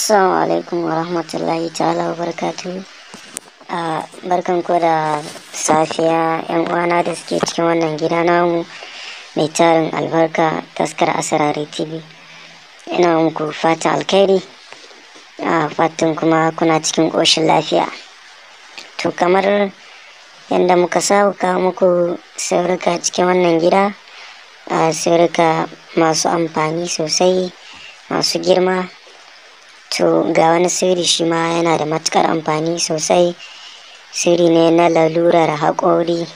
Assalamu alaikum wa rahmatullahi ta'ala wa barakatu. Barkan ku da safiya yan uwana da suke cikin wannan gida namu mai tarin albarka taskar asirari TV. Ina muku fata alkhairi, fatan kuma kuna cikin ƙoshin lafiya. To kamar yadda muka saba kawo muku saurika cikin wannan gida a saurika masu amfani sosai masu girma to ga wani sauri shi ma yana da matukar amfani sosai sauri ne na lalurar haƙori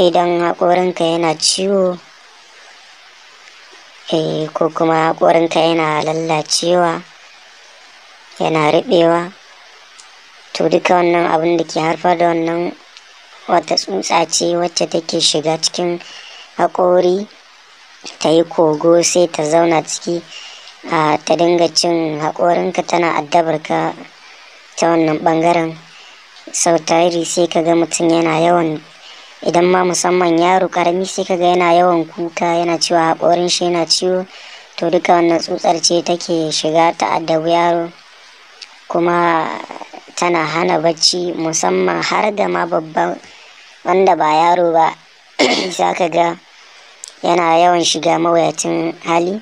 idan haƙorinka yana ciwo eh, ko kuma haƙorinka yana lallacewa yana riɓewa to duka wannan abin da ke haifar da wannan wata tsutsa ce wacce take shiga cikin haƙori ta yi kogo sai ta zauna ciki a ta dinga cin haƙorinka tana addabar ka ta wannan ɓangaren sau tari sai ka ga mutum yana yawan idan ma musamman yaro karami sai ka ga yana yawan kuka yana ciwo haƙorin shi yana ciwo to duka wannan tsutsar ce take shiga ta addabu yaro kuma tana hana bacci musamman har da ma babban wanda ba yaro ba za ka ga yana yawan shiga mawuyacin hali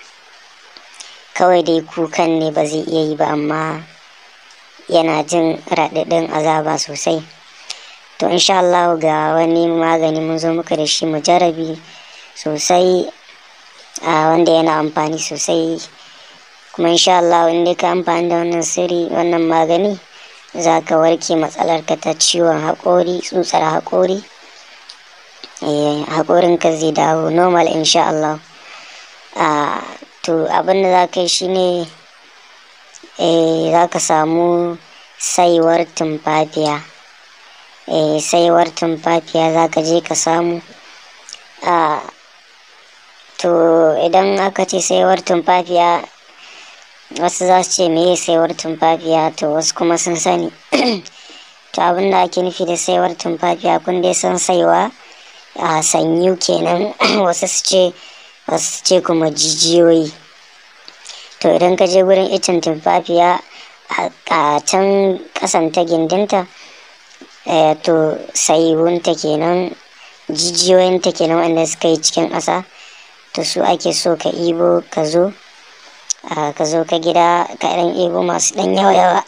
kawai dai kukan ne ba zai iya yi ba amma yana jin raɗaɗin azaba sosai to insha Allah ga wani magani mun zo muka da shi mujarabi sosai a wanda yana amfani sosai kuma insha Allah in ka amfani da wannan sirri wannan magani za ka warke ka ta ciwon haƙori tsutsar haƙori eh, ka zai dawo normal insha Allah ah, to abinda za ka yi shine eh, za ka samu saiwar tumfafiya eh, saiwar tumfafiya za ka je ka samu ah, to idan aka ce saiwar tumfafiya wasu za su ce me meye saiwar tumfafiya to wasu kuma sun sani to abin da ake nufi da saiwar tumfafiya kun dai san saiwa a sanyu kenan wasu su ce wasu ce kuma jijiyoyi to idan ka je gurin itin tumfafiya a can kasan ta gindinta eh, to saiwunta kenan jijiyoyinta kenan wanda suka yi cikin ƙasa to su ake so ka ibo ka zo Ah, ka zo ka gida ka irin ego masu ɗan yawa yawa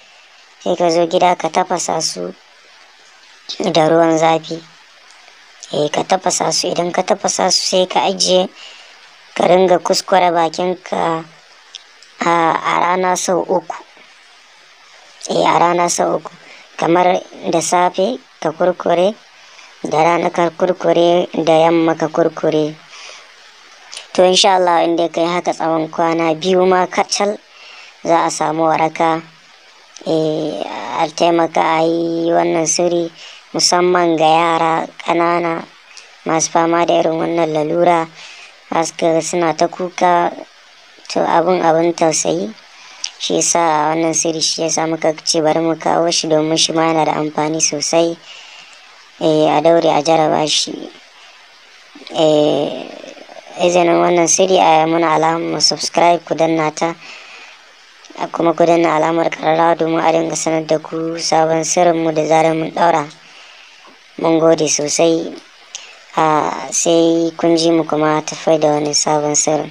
sai ka zo gida ka tafasa su da ruwan zafi eh ka tafasa su idan ka tafasa su sai ka ajiye ka ringa kuskure bakinka ah, a rana sau uku eh a rana sau uku kamar da safe ka kurkure da rana ka kurkure da yamma ka kurkure to insha Allah inda kai haka tsawon kwana biyu ma kacal za a samu waraka eh, a taimaka a yi wannan suri musamman ga yara ƙanana masu fama da irin wannan lalura haska suna ta kuka to abin abin tausayi shi yasa wannan siri shi yasa muka ce bari mu kawo shi domin shi ma yana da amfani sosai eh, a daure a jaraba shi eh, izinin wannan siri a muna mu subscribe ku danna ta kuma ku danna alamar kararrawa domin a dinga sanar da ku sabon sirrinmu da zarar mun daura mun gode sosai sai kun ji mu kuma tafai da wani sabon sirrin